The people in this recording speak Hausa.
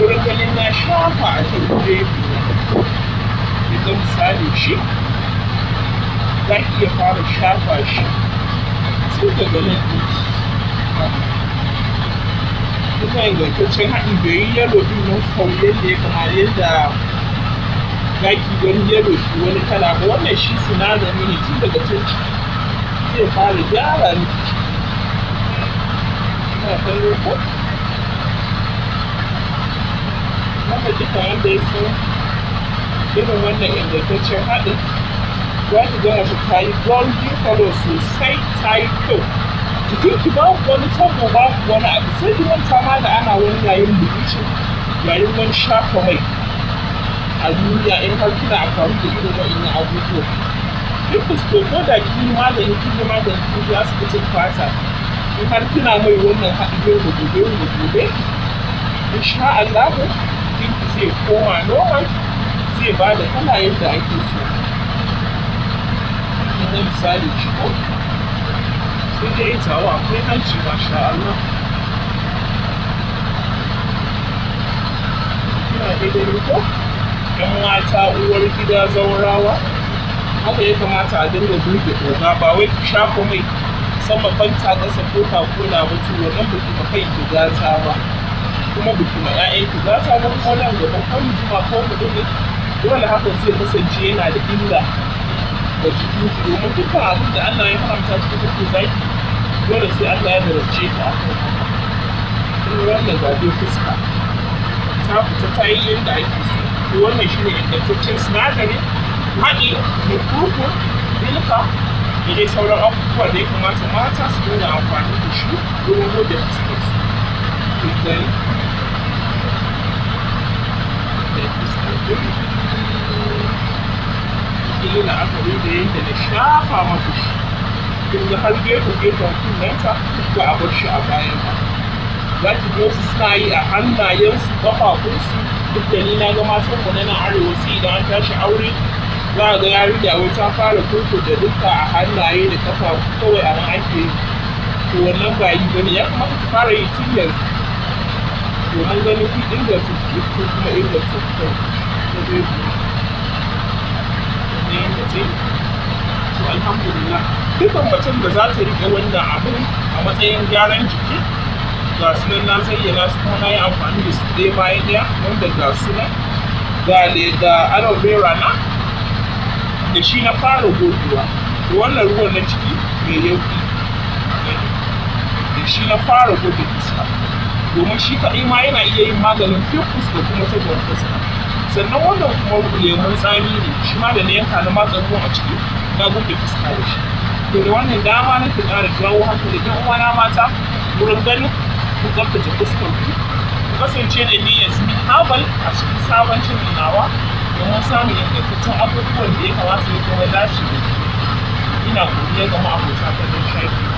wurin ganin na shafa a kan gefe idan misali shi za ki iya fara shafa shi tun daga nan kuma ingantaccen haɗin bai yi yalo ɗin nan fauyen da ya kamar yadda zaki wani yalo shi wani kala ba wannan shi sinadari ne tun daga can zai fara gyara ni. Ina kallo ko? kika wanda ya san irin wannan ingantaccen haɗin za ki ga shi ta yi golden color sosai ta yi kyau jikinki babu wani tabo babu wani abu sai ki manta ma da ana wani yayin bleaching yayin wani shafa mai a duniya in har kina amfani da irin wa'annan abubuwa duk fusko ko da ki yi magani kin yi magani kin je asibitin fata in har kina mai wannan haɗin yau da gobe yau da gobe insha Allah ce koma normal zai ba da kala yadda ake so idan misali jiko, sai da ita wa akwai hanci sha Allah daidai ne ko yan mata uwar gida zaurawa haka ya kamata a dinga duke oga ba wai ku shafa mai sama fanta ƙasa ko kakuna ba to wannan ba kai ki gata ba kuma ku kuma ƴaƴanku za ta mu kuma nan gaba kan jima ko mu dole dole hakan zai kasance yana da illa ga jikin ku domin dukkan abin da Allah ya haramta cikin kuku zaki dole sai Allah ya darace ka in wannan zabe fuska ta fita ta yi yadda ake so to wannan ne ingantaccen sinadari haɗi da kuku, milka da dai sauran abubuwa da ya kamata mata su dinga amfani da shi domin goge fuska today. That is abin da na shafa masa shi. Kun ga har gefe gefen kunnensa ba a bar shi a baya ba. Za ki ga wasu suna yi a hannayensu, ƙafafunsu, duk da ni ga matan mu arewa sai idan an tashi aure za a ga yarinya wai ta fara da duka a hannaye da kafa kawai a nan ake yi to wannan ba yi bane ya kamata ta fara yi tun yanzu to an gani ku inganta ko kuma inganta ta ta zai ne yadda ce to alhamdulillah dukan mutum da za ta riƙe wannan abin a matsayin gyaran jiki ga sunan na zayyana su kuma yi amfani da su ɗaya bayan ɗaya wanda ga sunan ga da aloe vera na da shi na fara gogewa wannan ruwan na ciki mai yauki da shi na fara goge fuska domin shi kaɗai ma yana iya yin maganin fifus da kuma gwan fuska sannan wannan kuma lemun tsami ne shi ma da na yanka na matsa ruwan a ciki na gurɗe fuska da shi to da wannan dama na ke ƙara jawo haka da ɗan uwana mata wurin ganin ku tsaftace fuskar ku kasance da niyyar su habal a cikin sabon cin nawa domin samun ingantaccen abubuwan da ya kamata ya kuma dace ina godiya ga ma'abota ta don shafi